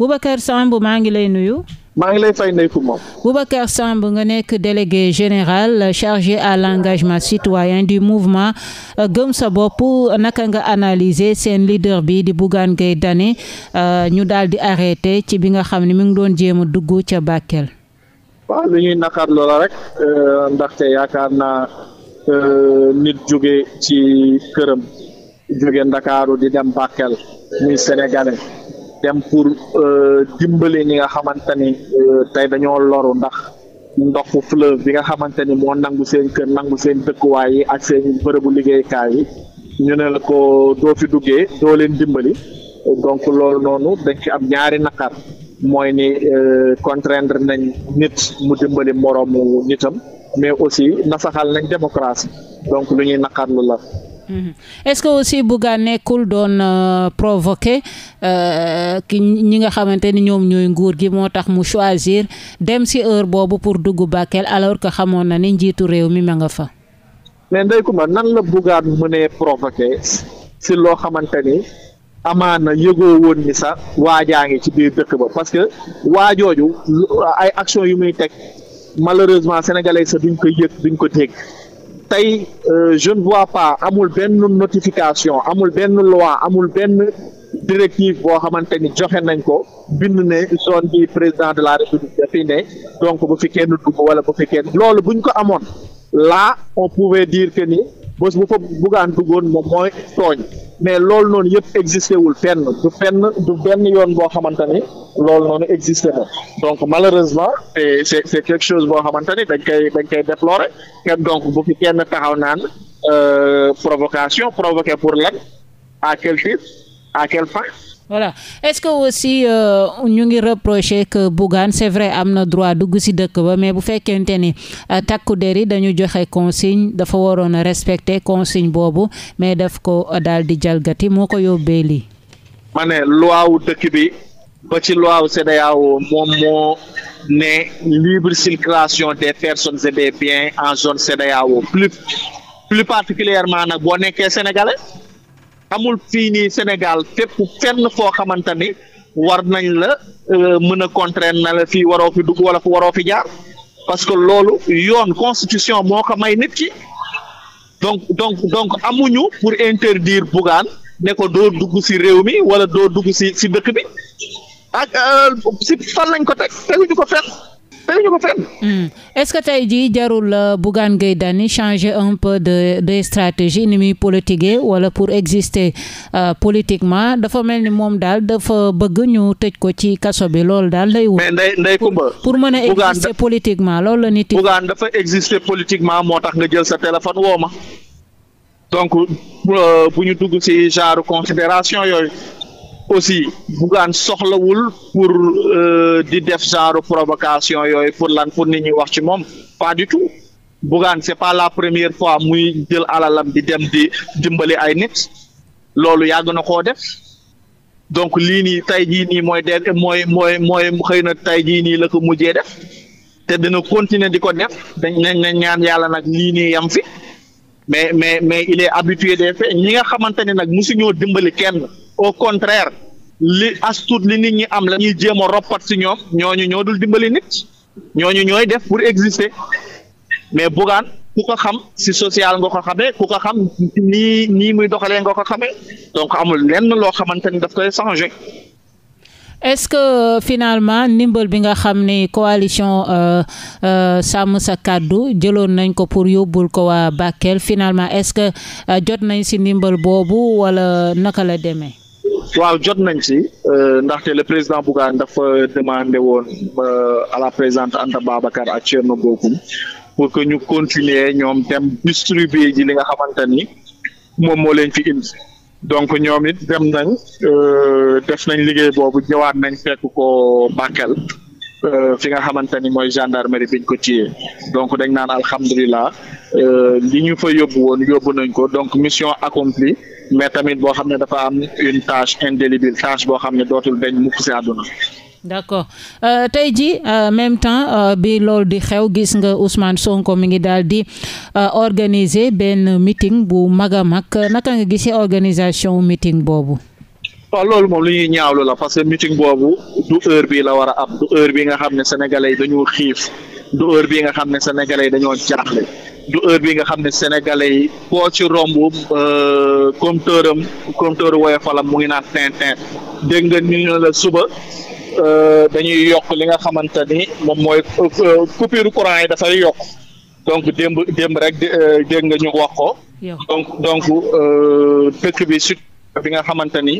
Boubacar Samb maa ngi lay nuyu. maa ngi lay fay Ndeye Comba. Boubacar Samb nga nekk délégué général chargé à l'engagement citoyen du mouvement euh, Gëm sa bopp naka nga analyser seen leader bi di Bougane Gueye Dany euh, ñu daal di arrêté ci bi nga xam ne mi ngi doon jéem a dugg ca Bakel. waaw lu ñuy naqar loola rek euh, ndaxte yaakaar naa nit jóge ci këram jóge Ndakaaru di dem Bakel muy sénégalais. dem pour euh, dimbale ñi nga xamante ni euh, tey dañoo loru ndax ndoxu fleuve bi nga xamante ni moo nangu seen kër nangu seen dëkkuwaay yi ak seen bërëbu liggéeykaay yi ñu ne la ko doo fi duggee doo leen dimbali donc loolu noonu dañ ci am ñaari naqar mooy ni euh, contraindre nañ nit mu dimbali moroomu nitam mais aussi nasaxal nañ démocratie donc lu ñuy naqarlu la Mm-hmm. est-ce que aussi Bougane nekkul doon euh, provoquer euh, ki ñi nga xamante ni ñoom ñooy nguur gi moo tax mu choisir dem si heure boobu pour dugg Bakel alors que xamoon na ni njiitu réew mi ma nga fa. mais Ndeye Comba nan la Bougane mënee provoquer si loo xamante ni amaana yëgoo woon ni sax waajaa ngi ci biir dëkk ba parce que waajooju ay action yu muy teg malheureusement sénégalais sax duñ ko yëg duñ ko dégg. tey euh, je ne vois pas amul benn notification amul benn loi amul benn directive boo xamante ni joxe nañ ko bind ne zone bi président de la république dafay ne donc bu fi kenn dugg wala bu fi kenn loolu buñ ko amoon la on pouvait dire que ni bu fa buggaan duggoon moom mooy tooñ mais loolu noonu yëpp existé wul fenn du fenn du benn yoon boo xamante ni loolu noonu existé na donc malheureusement c'est c'est quelque chose boo xamante ni dañ koy dañ koy déplorer kenn donc bu fi kenn taxaw naan euh, provocation provoqué pour lan à quel titre à quelle fin. voilà est-ce que aussi euh, ñu ngi reprocher que Bougane c'est vrai am na droit dugg ci dëkk ba mais bu fekkente ni euh, takku der yi dañu joxe consigne dafa waroon a respecter consigne boobu mais def ko daal di jalgati moo ko yóbbee lii. ma ne loi dëkk bi. ba ci loi CEDEAO moom moo ne libre circulation des personnes et des biens en zone CEDEAO plus plus particulièrement nag boo nekkee sénégalais amul fii nii Sénégal fépp fenn foo xamante ni war nañ la euh, mën a contraindre na la fii waroo fi dugg wala waroo fi jaar parce que loolu yoon constitution moo ko may nit ki donc donc donc amuñu pour interdire Bougane ne ko doo dugg ci réew mi wala doo dugg ci ci dëkk bi ak euh, si fan lañ ko teg teguñu ko fenn ko fenn. Hmm. est-ce que tey jii jarul euh, Bougane Gueye Dany changer un peu de de stratégie ni muy politiquer wala pour exister euh, politiquement dafa mel ni moom daal dafa bëgg ñu tëj ko ci kaso bi loolu daal lay wut. mais ndey ndey Kumba pour mën a exister politiquement loolu la nit yi. Bougane dafa exister politiquement moo tax nga jël sa téléphone woo ma donc bu ñu dugg si genre considération yooyu. aussi Bougane soxlawul pour euh, di def genre provocation yooyu pour lan pour nit ñi wax ci moom pas du tout Bougane c'est pas la première fois muy jël alalam di dem di dimbali ay nit loolu yàgg na koo def donc lii nii tey jii nii mooy de mooy mooy mooy xëy na tey jii nii la ko mujjee def te dina continuer di ko def dañ nañ ñaan yàlla nag lii nii yam fi mais mais mais il est habitué des faits ñi nga xamante ne nag musuñoo dimbali kenn au contraire li astut li nit ñi am la ñuy jéem a roppat si ñoom ñooñu ñoo dul dimbali nit ñooñu ñooy def pour exister mais Bougane ku ko xam si social nga ko xamee ku ko xam nii nii muy doxalee nga ko xamee donc amul lenn loo xamante ni daf koy changer. est-ce que finalement ndimbal bi nga xam ne coalition euh, euh, sàmm sa kàddu jëloon nañ ko pour yóbbul ko waa Bakel finalement est-ce que euh, jot nañ si ndimbal boobu walla naka la deme waaw jot nañ si euh, ndaxte le président Bougane dafa demandé woon euh, à la présidente Anta Babacar ak Thierno Bocoum pour que ñu continuer ñoom dem distribuer ji li nga xamante ni moom moo leen fi indi donc ñoom it dem nañ euh, def nañ liggéey boobu ñëwaat nañ fekk ko Bakel fi nga xamante ni mooy gendarmerie biñ ko téye donc dañ naan alhamdulilah li ñu fa yóbbu woon yóbbu nañ ko donc mission accomplie mais tamit boo xam ne dafa am une tâche indélébile tâche boo xam ne dootul dañ mukk si àdduna d'accord euh, tey ji euh, même temps euh, bi loolu di xew gis nga Ousmane Sonko mi ngi daal di euh, organiser benn meeting bu mag a mag naka nga gisee organisation meeting boobu. waaw loolu moom lu ñuy ñaawlu la parce que meeting boobu du heure bi la war a am du heure bii nga xam ne sénégalais dañu xiif du heure bi nga xam ne sénégalais yi dañoo jaaxle. du heure bi nga xam ne sénégalais yi koo ci romb euh, compteur am compteur woyofalam mu ngi naan tintin dégg nga ni la suba euh, dañuy yokk li nga xamante ni moom mooy euh, coupure courant yi dafay yokk donc démb démb rek dégg nga ñu wax ko donc donc dëkk bi su bi nga xamante ni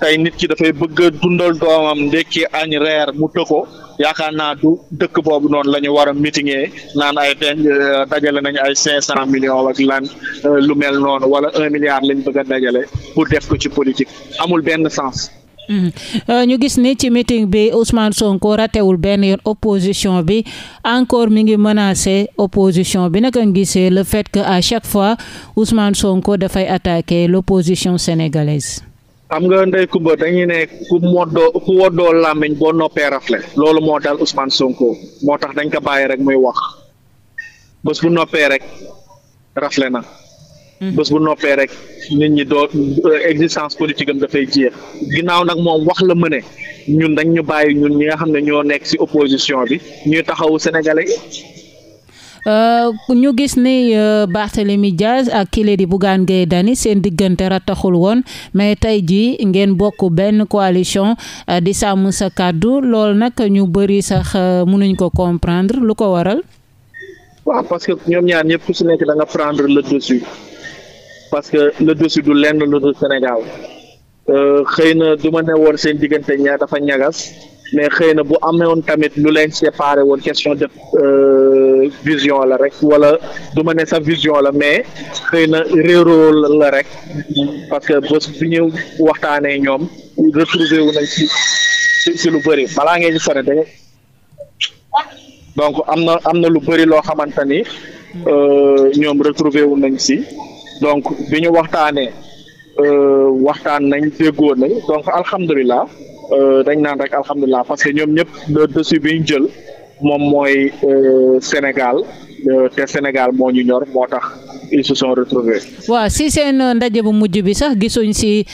tey nit ki dafay bëgg a dundal doomam ndekki añ reer mu tëkko yaakaar naa du dëkk boobu noonu la ñu war a mitingee naan ay euh, dajale nañ ay cinq cent millions ak euh, lu mel noonu wala un milliard lañ bëgg dajale pour def ko ci politique amul benn sens. Mm-hmm. Euh, ñu gis ni ci meeting bi Ousmane Sonko ratewul benn yoon opposition bi encore mi ngi menacé opposition bi naka nga gisee le fait que à chaque fois Ousmane Sonko dafay attaquer l'opposition sénégalaise. xam nga ndey kumba dañuy ne ku moddoo ku woddoo làmmiñ boo noppee rafle loolu moo dal Ousmane Sonko moo tax dañ ko bàyyi rek muy wax bés bu noppee rek rafle na hmm. bës bu noppee rek nit ñi doo existence politique am dafay jeex ginnaaw nag moom wax la mëne ñun dañ ñu bàyyi ñun ñi nga xam ne ñoo nekk ci opposition bi ñuy taxawu sénégalais yi Euh, ñu gis ni euh, Barthélémy Diaz ak kile di Bougane Gueye Dany seen diggante rataxul woon mais tey jii ngeen bokk benn coalition euh, di sàmm sa kàddu lool nag ñu bëri sax mënuñ ko comprendre lu ko waral. waaw parce que ñoom ñaar ñëpp ku si nekk da nga prendre la dessus parce que la dessus du lenn lu dul Sénégal xëy na du ma ne woon seen diggante ñaar dafa ñagas mais xëy na bu amoon tamit lu leen séparé woon question de. vision la rek wala du ma ne sa vision la mais xëy na réeroo la rek parce que bés bi ñu waxtaanee ñoom retrouvé wu nañ ci lu bëri balaa ngeen ci sori donc am na am na lu bëri loo xamante ni euh, ñoom retrouvé wu nañ si donc bi ñu waxtaanee euh, waxtaan nañ déggoo nañ donc alhamdulilah euh, dañ naan rek alhamdulilah parce que ñoom ñëpp le dessus bi jël. moom mooy euh, Sénégal euh, te Sénégal moo ñu ñor moo tax ils se sont retrouvés waaw si seen euh, ndaje bu mujj bi sax gisuñ si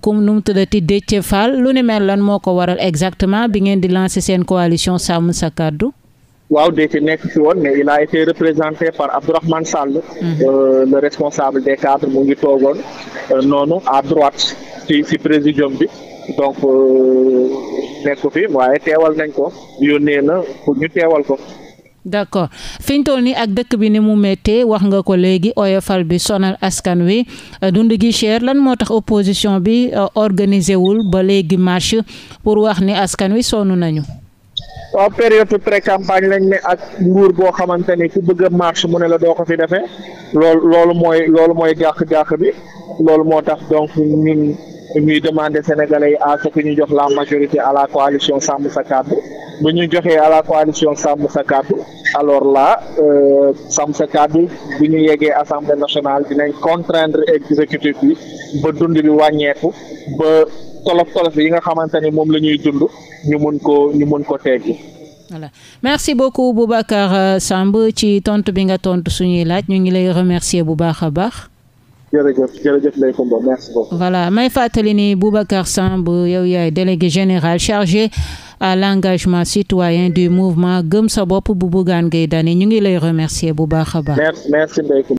comme nu mu tuddati Déthié Fall lu ni mel lan moo ko waral exactement bi ngeen di lancer seen coalition Sàmm Sa Kàddu waaw Déthié nekk fi woon mais il a été représenté par Abdourahmane Sall mhm. le responsable des cadres mu ngi toogoon noonu à droite ci présidium bi donc euh, nekk fi waaye teewal nañ ko yónnee na pour ñu teewal ko. d'accord fi ñu toll nii ak dëkk bi ni mu méttee wax nga ko léegi oyofal bi sonal askan wi euh, dund gi cher lan moo tax opposition bi euh, organiser wul ba léegi marche pour wax ni askan wi sonn nañu. waaw période pré-campagne lañ ne ak nguur boo xamante ni ku bëgg a marche mu ne la doo ko fi defee loolu loolu mooy loolu mooy gàq-gàq bi loolu moo tax donc ñun ñuy demander sénégalais yi à ce que ñu jox la majorité à la coalition sàmm sa kàddu bu ñu joxee à la coalition sàmm sa kàddu alors là euh, sàmm sa kàddu bu ñu yeggee assemblée nationale dinañ contraindre exécutif bi ba dund bi wàññeeku ba tolof tolof yi nga xamante ni moom la ñuy dund ñu mun ko ñu mun ko teggi voilà merci beaucoup Boubacar euh, Samb ci tontu bi nga tontu suñuy laaj ñu ngi lay remercier bu baax a baax. voilà may fàttali ni Boubacar Samb yow yaay délégué général chargé à l'engagement citoyen du mouvement Gëm sa bopp bu Bougane Gueye Dany ñu ngi lay remercier bu baax a baax.